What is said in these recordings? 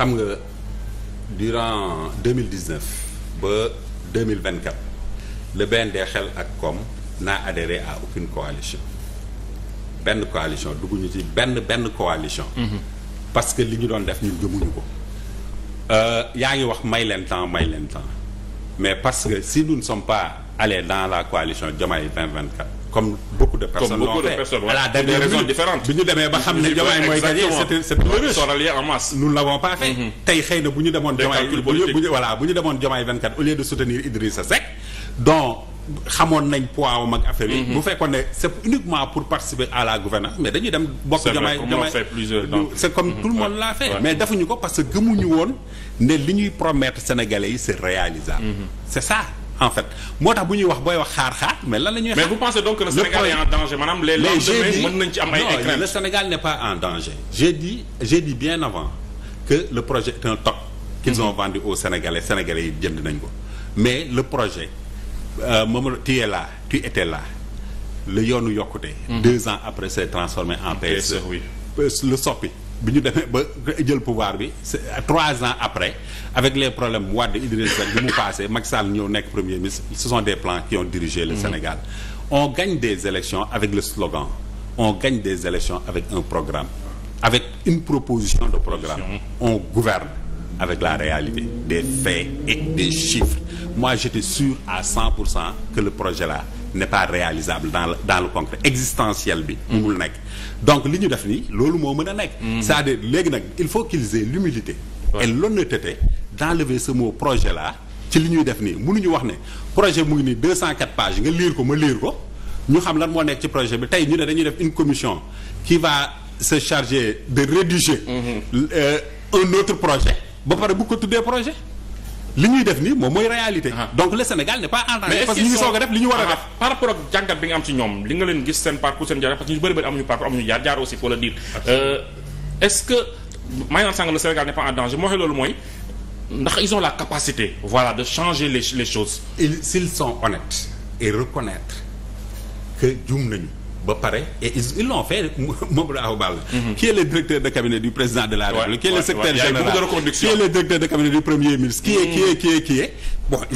xam nga durant deux mille dix neuf ba deux mille vingt quatre le BND xel ak koom n'a adhéré a aucune coalition benn coalition dugguñu ci benn benn coalition. Mhm. parce que li ñu doon def ñun gëmuñu ko. Euh, yaa ngi wax may leen temps may leen temps mais parce que si nous ne sommes pas allés dans la coalition Diomaye 2024. comme beaucoup de personnes. comme beaucoup de personnes voilà pour ñu demee ba xam ne Diomaye mooy gagné c'est c'est ils sont ralliés en masse. nous ne l'avons pas fait. Mm-hmm. tey xëy na bu ñu demoon. Diomaye bu ñu au lieu de soutenir Idrissa Seck donc xamoon nañ poids mag affaire yi. Mm-hmm. bu fekkoon ne c'est uniquement pour participer à la gouvernance mais dañuy dem bokk Diomaye Diomaye comme mm-hmm. tout le monde l'a fait mais defuñu ko parce que gëmuñu woon ne li ñuy promettre sénégalais yi c'est réalisable c'est en fait moo tax bu ñuy wax booy wax xaar xaar mais lan la ñuy. mais vous pensez donc que le Sénégal est en danger maanaam les mën nañ ci am ay craintes non le Sénégal n'est pas en danger. j'ai dit j'ai dit bien avant que le projet est un toc. qu'ils mhm. ont vendu aux Sénégalais Sénégalais yi jënd nañ ko mais le projet euh, Mamadou tu es la tu le yoonu yokkute. Mhm. deux ans après s'est transformé en PSE. E. E, le soppi. bi ñu demee ba jël pouvoir bi trois ans après avec les problèmes Wade Idrissa Seck bi mu passé Macky Sall ñëw nekk premier ministre ce des plans qui ont dirigé le mmh. Sénégal on gagne des élections avec le slogan on gagne des élections avec un programme avec une proposition de programme on gouverne avec la réalité des faits et des chiffres moi j'étais sûr à 100 pour cent que le projet la n'est pas réalisable dans le dans le concret existentiel bi. mënul nekk donc li ñu def nii loolu moo mën a nekk. Mm-hmm. cest à léegi nag il faut qu'ils aient l'humilité et l'honnêteté d'enlever ce mot projet la ci li ñuy def nii mënuñu wax ne projet mu ngi nii 204 pages nga liir ko ma liir ko ñu xam lan moo nekk ci projet bi tey ñu ne dañuy def une commission qui va se charger de rédiger. Mm -hmm. euh, un autre projet. ba pare bu ko tuddee projet li ñuy def nii moom mooy réalité. Ah. donc le Sénégal n'est pas en danger. parce li ñu war a def. Ah, ah. par rapport ak jàngat bi nga am ci ñoom li nga leen gis seen parcours seen jaar parce que ñu bëri bëri amuñu parcours amuñu jaar jaar aussi faut le dire. Euh, est-ce que maa ngi naan sànq le Sénégal n'est pas en danger moo waxee loolu mooy ndax ils ont la capacité. voilà de changer les les choses. ils s'ils sont honnêtes et reconnaître que juum nañu. ba pare et ils l'ont fait Mamadou Awa Balla. Mhm. qui est le directeur de cabinet du président de la République. qui est le secrétaire général qui est le directeur de cabinet du premier ministre. qui est qui est mhm. qui est qui est. bon que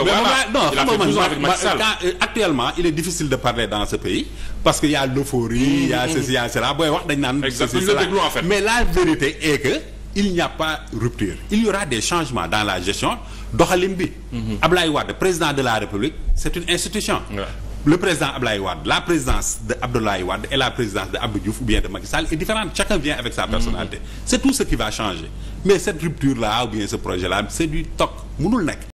voilà a euh, actuellement il est difficile de parler dans ce pays. parce que y a l'euphorie. y a mhm, ceci y a cela booy wax dañ naan. exactement mais la vérité est que il n'y a pas rupture. il y aura des changements dans la gestion doxalin bi. Ablaye Wade président de la République c'est une le président Abdoulaye Wade la présidence de et la présidence de Abdou Diouf ou bien de Macky Sall est différente chacun vient avec sa personnalité mm-hmm. c'est tout ce qui va changer mais cette rupture là ou ce projet là c'est du toc mënul nekk